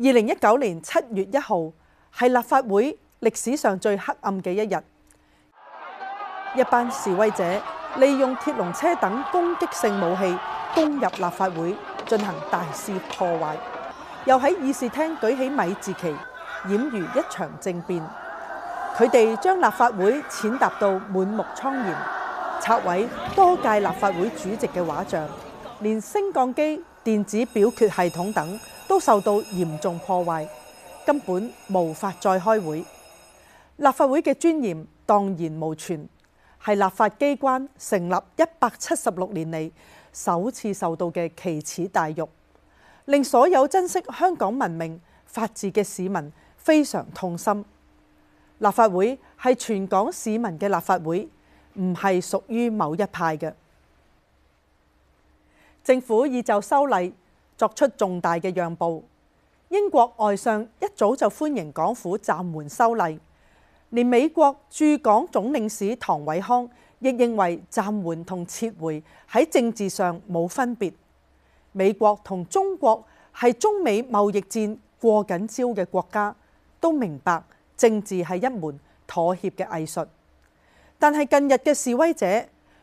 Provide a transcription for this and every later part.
2019年7月1日，是立法會歷史上最黑暗的一日。一班示威者利用鐵籠車等攻擊性武器攻入立法會，進行大肆破壞。又喺議事廳舉起米字旗，儼如一場政變。佢哋將立法會踐踏到滿目瘡痍，拆毀多屆立法會主席的畫像，連升降機、電子表決系統等，都受到嚴重破壞，根本無法再開會。立法會嘅尊嚴蕩然無存，係立法機關成立一百七十六年嚟首次受到嘅奇恥大辱，令所有珍惜香港文明法治嘅市民非常痛心。立法會係全港市民嘅立法會，唔係屬於某一派嘅。政府已就修例作出重大嘅讓步，英國外相一早就歡迎港府暫緩修例，連美國駐港總領事唐偉康亦認為暫緩同撤回喺政治上冇分別。美國同中國係中美貿易戰過緊招嘅國家，都明白政治係一門妥協嘅藝術。但係近日嘅示威者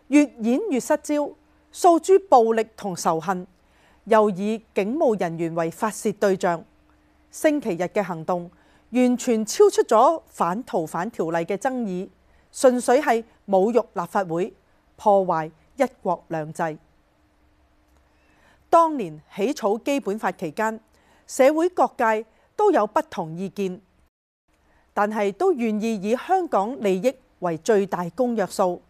越演越失焦，訴諸暴力同仇恨。又以警務人員為發洩對象，星期日嘅行動完全超出咗《反逃犯條例》嘅爭議，純粹係侮辱立法會、破壞一國兩制。當年起草基本法期間，社會各界都有不同意見，但係都願意以香港利益為最大公約數，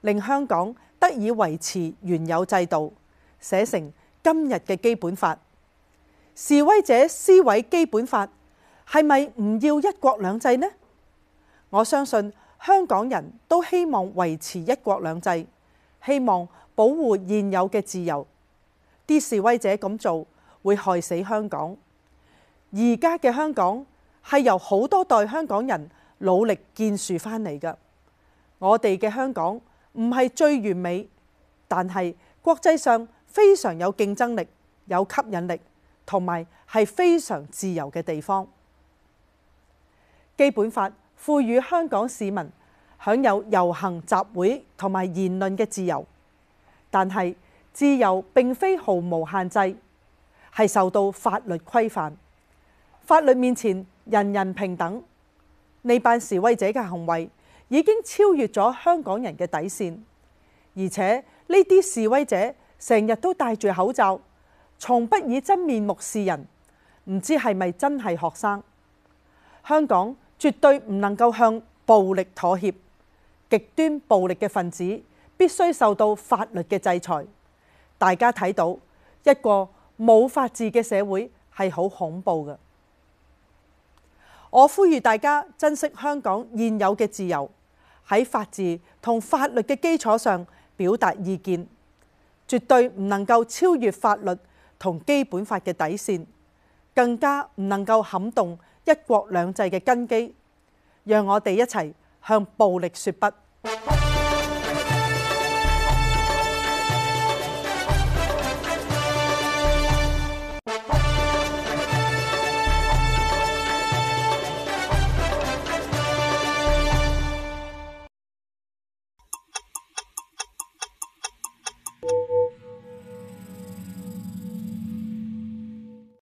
令香港得以維持原有制度，寫成今日嘅基本法，示威者撕毀基本法，係咪唔要一國兩制呢？我相信香港人都希望維持一國兩制，希望保護現有嘅自由。啲示威者咁做，會害死香港。而家嘅香港係由好多代香港人努力建樹翻嚟嘅。我哋嘅香港唔係最完美，但係國際上。非常有競爭力、有吸引力，同埋係非常自由嘅地方。基本法賦予香港市民享有遊行、集會同埋言論嘅自由，但係自由並非毫無限制，係受到法律規範。法律面前人人平等。呢班示威者嘅行為已經超越咗香港人嘅底線，而且呢啲示威者成日都戴住口罩，從不以真面目示人，唔知係咪真係學生？香港絕對唔能夠向暴力妥協，極端暴力嘅分子必須受到法律嘅制裁。大家睇到，一個冇法治嘅社會係好恐怖嘅。我呼籲大家珍惜香港現有嘅自由，喺法治同法律嘅基礎上表達意見。絕對唔能夠超越法律同基本法嘅底線，更加唔能夠撼動一國兩制嘅根基，讓我哋一齊向暴力說不！